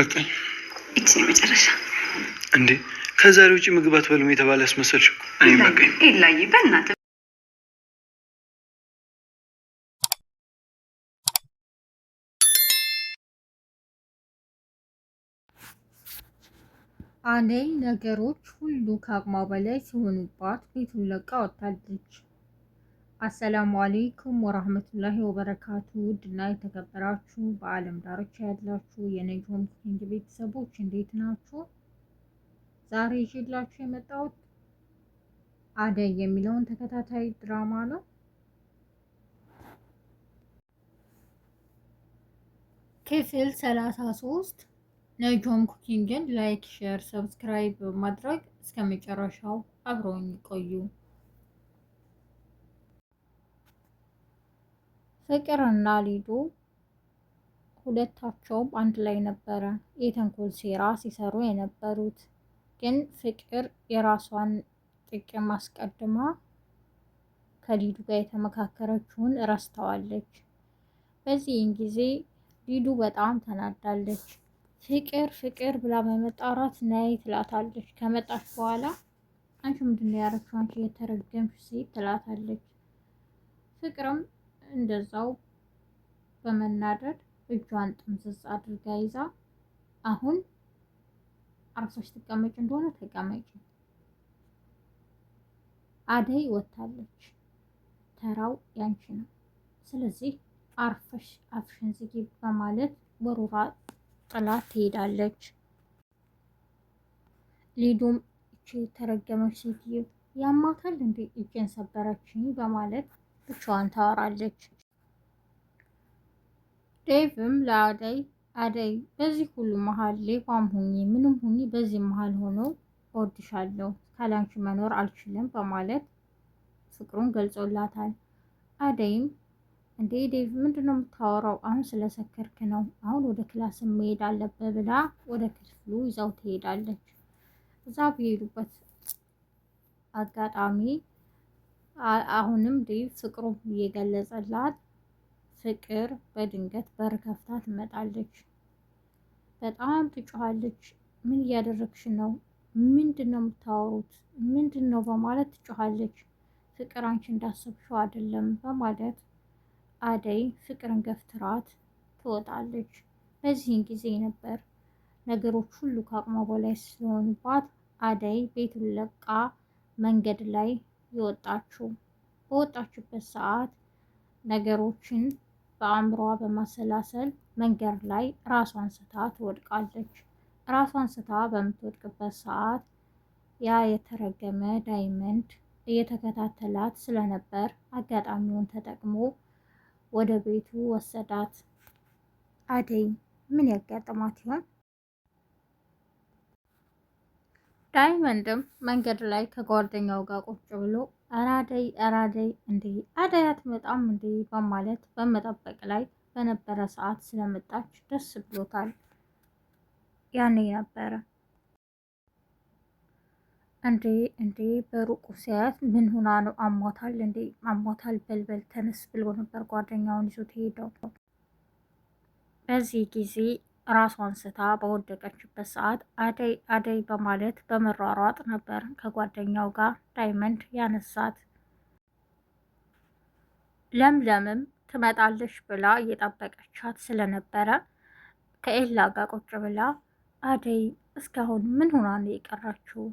በቃኝ። እቺ መጨረሻ እንዴ! ከዛሬ ውጭ ምግብ አትበሉም የተባለ አስመሰልሽ። እኮ። እኔም በቃኝ። ኤላዬ በእናትህ አደይ ነገሮች ሁሉ ከአቅሟ በላይ ሲሆኑባት ቤቱን ለቃ ወጥታለች። አሰላሙ አሌይኩም ወራህመቱላሂ ወበረካቱ ውድና የተከበራችሁ በዓለም ዳርቻ ያላችሁ የነጆም ኩኪንግ ቤተሰቦች እንዴት ናችሁ? ዛሬ ይዤላችሁ የመጣሁት አደይ የሚለውን ተከታታይ ድራማ ነው። ክፍል 33 ነጆም ኩኪንግን ላይክ፣ ሼር፣ ሰብስክራይብ በማድረግ እስከ መጨረሻው አብረውን ይቆዩ! ፍቅርና ሊዱ ሁለታቸውም አንድ ላይ ነበረ የተንኮል ሴራ ሲሰሩ የነበሩት። ግን ፍቅር የራሷን ጥቅም አስቀድማ ከሊዱ ጋር የተመካከረችውን ረስተዋለች። በዚህን ጊዜ ሊዱ በጣም ተናዳለች። ፍቅር ፍቅር ብላ በመጣራት ነይ ትላታለች። ከመጣች በኋላ አንቺ ምንድን ነው ያረግሽው? አንቺ የተረገምሽ ሴት ትላታለች። ፍቅርም እንደዛው በመናደድ እጇን ጥምዝዝ አድርጋ ይዛ አሁን አርፈሽ ትቀመጭ እንደሆነ ተቀመጭ። አደይ ወታለች፣ ተራው ያንቺ ነው። ስለዚህ አርፈሽ አፍሽን ዝጊ በማለት ወሩራ ጥላ ትሄዳለች። ሊዱም እቺ ተረገመች ሴትዮ ያማታል እንዴ እጄን ሰበረችኝ በማለት ብቻዋን ታወራለች። ዴቭም ለአደይ አደይ በዚህ ሁሉ መሀል ሌባም ሁኚ ምንም ሁኚ በዚህ መሀል ሆኖ እወድሻለሁ ካላንቺ መኖር አልችልም በማለት ፍቅሩን ገልጾላታል። አደይም እንዴ ዴቭ ምንድን ነው የምታወራው? አሁን ስለሰከርክ ነው። አሁን ወደ ክላስ መሄድ አለብህ ብላ ወደ ክፍሉ ይዛው ትሄዳለች። እዛ በሄዱበት አጋጣሚ አሁንም ዴቭ ፍቅሩ እየገለጸላት ፍቅር በድንገት በር ከፍታ ትመጣለች። በጣም ትጮኋለች። ምን እያደረግሽ ነው? ምንድን ነው የምታወሩት? ምንድን ነው በማለት ትጮኋለች። ፍቅር አንቺ እንዳሰብሽው አይደለም በማለት አደይ ፍቅርን ገፍትራት ትወጣለች። በዚህን ጊዜ ነበር ነገሮች ሁሉ ከአቅሟ በላይ ስለሆኑባት አደይ ቤቱን ለቃ መንገድ ላይ የወጣችሁ በወጣችሁበት ሰዓት ነገሮችን በአእምሯ በማሰላሰል መንገድ ላይ ራሷን ስታ ትወድቃለች። ራሷን ስታ በምትወድቅበት ሰዓት ያ የተረገመ ዳይመንድ እየተከታተላት ስለነበር አጋጣሚውን ተጠቅሞ ወደ ቤቱ ወሰዳት። አደይ ምን ያጋጥማት ይሆን? ዳይመንድም መንገድ ላይ ከጓደኛው ጋር ቁጭ ብሎ አራደይ አራደይ እንዴ አደይ አትመጣም እንዴ በማለት በመጠበቅ ላይ በነበረ ሰዓት ስለመጣች ደስ ብሎታል። ያኔ ነበረ እንዴ እንዴ በሩቁ ሲያያት ምን ሁና ነው አሟታል እንዴ አሟታል በልበል ተነስ ብሎ ነበር ጓደኛውን ይዞት ሄደው። በዚህ ጊዜ ራሷን ስታ በወደቀችበት ሰዓት አደይ አደይ በማለት በመሯሯጥ ነበር ከጓደኛው ጋር ዳይመንድ ያነሳት። ለምለምም ትመጣለች ብላ እየጠበቀቻት ስለነበረ ከኤላ ጋር ቁጭ ብላ አደይ እስካሁን ምን ሆና ነው የቀራችው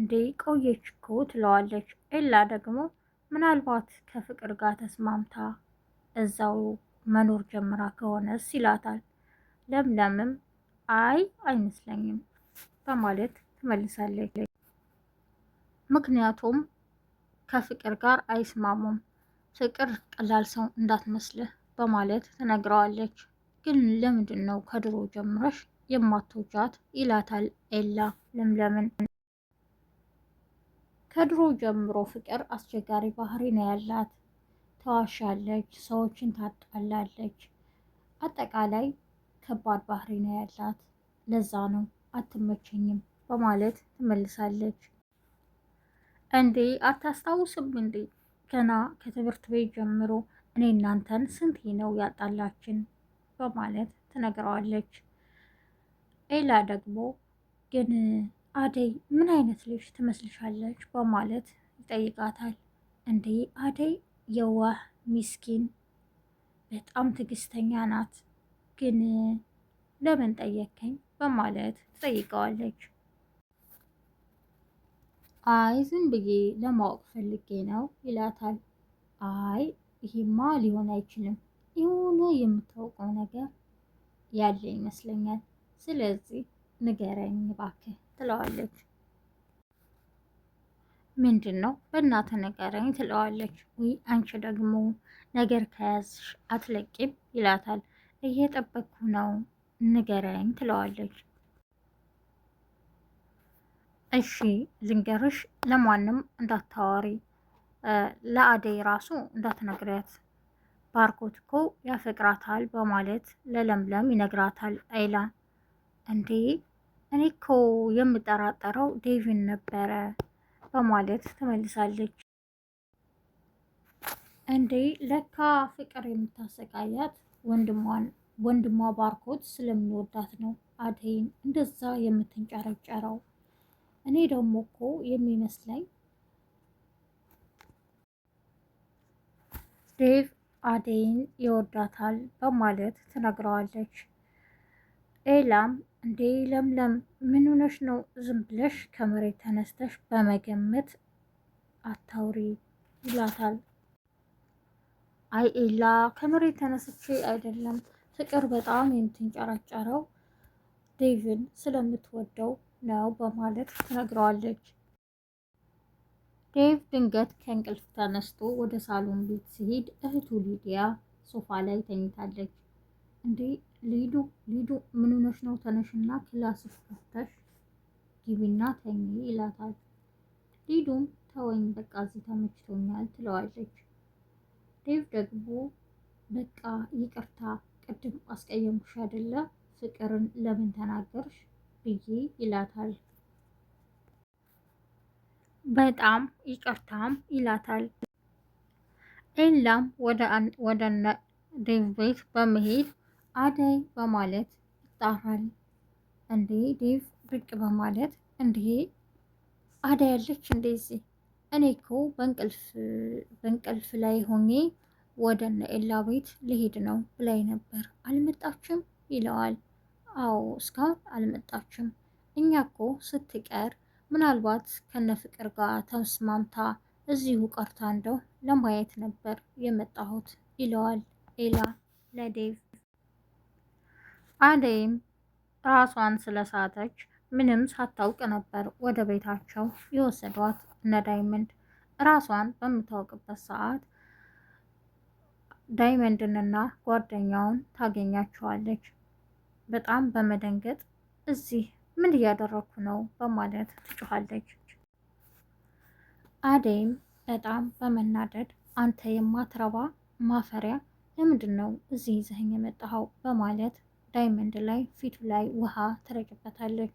እንዴ ቆየች እኮ ትለዋለች። ኤላ ደግሞ ምናልባት ከፍቅር ጋር ተስማምታ እዛው መኖር ጀምራ ከሆነስ ይላታል። ለምለምም አይ አይመስለኝም በማለት ትመልሳለች። ምክንያቱም ከፍቅር ጋር አይስማሙም፣ ፍቅር ቀላል ሰው እንዳትመስልህ በማለት ትነግረዋለች። ግን ለምንድን ነው ከድሮ ጀምረሽ የማትወጃት ይላታል ኤላ ለምለምን። ከድሮ ጀምሮ ፍቅር አስቸጋሪ ባህሪ ነው ያላት፣ ተዋሻለች፣ ሰዎችን ታጣላለች፣ አጠቃላይ ከባድ ባህሪ ነው ያላት፣ ለዛ ነው አትመቸኝም በማለት ትመልሳለች። እንዴ አታስታውስም እንዴ ገና ከትምህርት ቤት ጀምሮ እኔ እናንተን ስንቴ ነው ያጣላችን በማለት ትነግረዋለች። ኤላ ደግሞ ግን አደይ ምን አይነት ልጅ ትመስልሻለች በማለት ይጠይቃታል። እንዴ አደይ የዋህ ሚስኪን፣ በጣም ትዕግስተኛ ናት ግን ለምን ጠየከኝ በማለት ትጠይቀዋለች። አይ ዝም ብዬ ለማወቅ ፈልጌ ነው ይላታል። አይ ይሄማ ሊሆን አይችልም፣ የሆነ የምታውቀው ነገር ያለ ይመስለኛል፣ ስለዚህ ንገረኝ እባክህ ትለዋለች። ምንድን ነው በእናተ ንገረኝ ትለዋለች። ወይ አንቺ ደግሞ ነገር ከያዝሽ አትለቂም ይላታል። እየጠበቅኩ ነው ንገረኝ ትለዋለች። እሺ ዝንገርሽ ለማንም እንዳታዋሪ፣ ለአደይ ራሱ እንዳትነግሪያት ባርኮት እኮ ያፈቅራታል በማለት ለለምለም ይነግራታል። አይላ እንዴ እኔ እኮ የምጠራጠረው ዴቪን ነበረ በማለት ትመልሳለች። እንዴ ለካ ፍቅር የምታሰቃያት ወንድሟ ባርኮት ስለምወዳት ነው አደይን እንደዛ የምትንጨረጨረው። እኔ ደግሞ እኮ የሚመስለኝ ዴቭ አደይን ይወዳታል በማለት ትነግረዋለች። ኤላም እንዴ ለምለም ምን ሆነሽ ነው? ዝም ብለሽ ከመሬት ተነስተሽ በመገመት አታውሪ ይላታል። አይ ኤላ ከመሬት ተነስቼ አይደለም ፍቅር በጣም የምትንጨራጨረው ዴቭን ስለምትወደው ነው በማለት ትነግረዋለች። ዴቭ ድንገት ከእንቅልፍ ተነስቶ ወደ ሳሎን ቤት ሲሄድ እህቱ ሊዲያ ሶፋ ላይ ተኝታለች። እንዴ ሊዱ ሊዱ ምን ሆነሽ ነው? ተነሽና ክላስሽ ከፍተሽ ግቢና ተኚ ይላታል። ሊዱም ተወኝ በቃ እዚህ ተመችቶኛል ትለዋለች። ዴቭ ደግሞ በቃ ይቅርታ ቅድም አስቀየሙሽ አይደለ ፍቅርን ለምን ተናገርሽ ብዬ ይላታል። በጣም ይቅርታም ይላታል። ኤላም ወደ ዴቭ ቤት በመሄድ አደይ በማለት ይጣራል። እንዴ ዴቭ ብቅ በማለት እንዴ አደይ ያለች እንደዚህ እኔ እኮ በእንቅልፍ ላይ ሆኜ ወደ ኤላ ቤት ልሄድ ነው ብላኝ ነበር አልመጣችም ይለዋል። አዎ እስካሁን አልመጣችም። እኛ እኮ ስትቀር ምናልባት ከነ ፍቅር ጋር ተስማምታ እዚሁ ቀርታ እንደው ለማየት ነበር የመጣሁት ይለዋል ኤላ ለዴቭ። አደይም ራሷን ስለሳተች ምንም ሳታውቅ ነበር ወደ ቤታቸው የወሰዷት እነ ዳይመንድ ራሷን በምታውቅበት ሰዓት ዳይመንድንና ጓደኛውን ታገኛቸዋለች። በጣም በመደንገጥ እዚህ ምን እያደረኩ ነው በማለት ትጮኻለች። አደይም በጣም በመናደድ አንተ የማትረባ ማፈሪያ ለምንድን ነው እዚህ ይዘህኝ የመጣኸው? በማለት ዳይመንድ ላይ ፊቱ ላይ ውሃ ትረጭበታለች።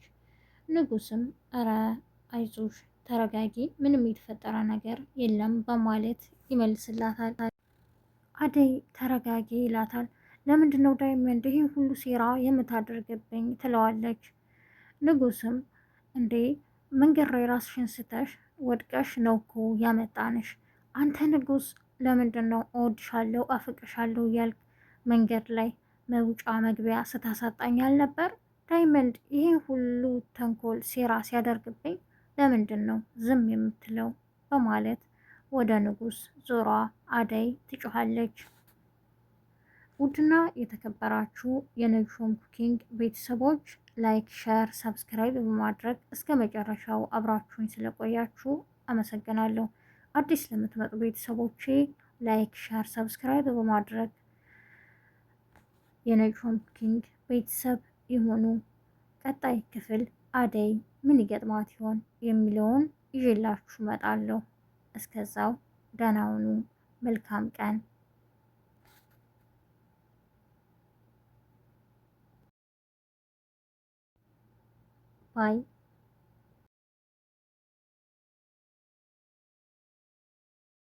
ንጉስም እረ አይዞሽ ተረጋጊ፣ ምንም የተፈጠረ ነገር የለም በማለት ይመልስላታል። አደይ ተረጋጊ ይላታል። ለምንድን ነው ዳይመንድ ይህን ሁሉ ሴራ የምታደርግብኝ ትለዋለች። ንጉስም እንዴ መንገድ ላይ ራስሽን ስተሽ ወድቀሽ ነው እኮ ያመጣንሽ። አንተ ንጉስ ለምንድን ነው እወድሻለሁ፣ አፍቅሻለሁ እያልክ መንገድ ላይ መውጫ መግቢያ ስታሳጣኝ አልነበር? ዳይመንድ ይህን ሁሉ ተንኮል ሴራ ሲያደርግብኝ ለምንድን ነው ዝም የምትለው? በማለት ወደ ንጉስ ዞሯ አደይ ትጮኻለች። ውድና የተከበራችሁ የነጅሾም ኩኪንግ ቤተሰቦች ላይክ፣ ሸር፣ ሰብስክራይብ በማድረግ እስከ መጨረሻው አብራችሁኝ ስለቆያችሁ አመሰግናለሁ። አዲስ ለምትመጡ ቤተሰቦቼ ላይክ፣ ሸር፣ ሰብስክራይብ በማድረግ የነጅሾም ኩኪንግ ቤተሰብ ይሁኑ። ቀጣይ ክፍል አደይ ምን ይገጥማት ይሆን የሚለውን ይዤላችሁ እመጣለሁ። እስከዛው ደህና ሁኑ። መልካም ቀን ባይ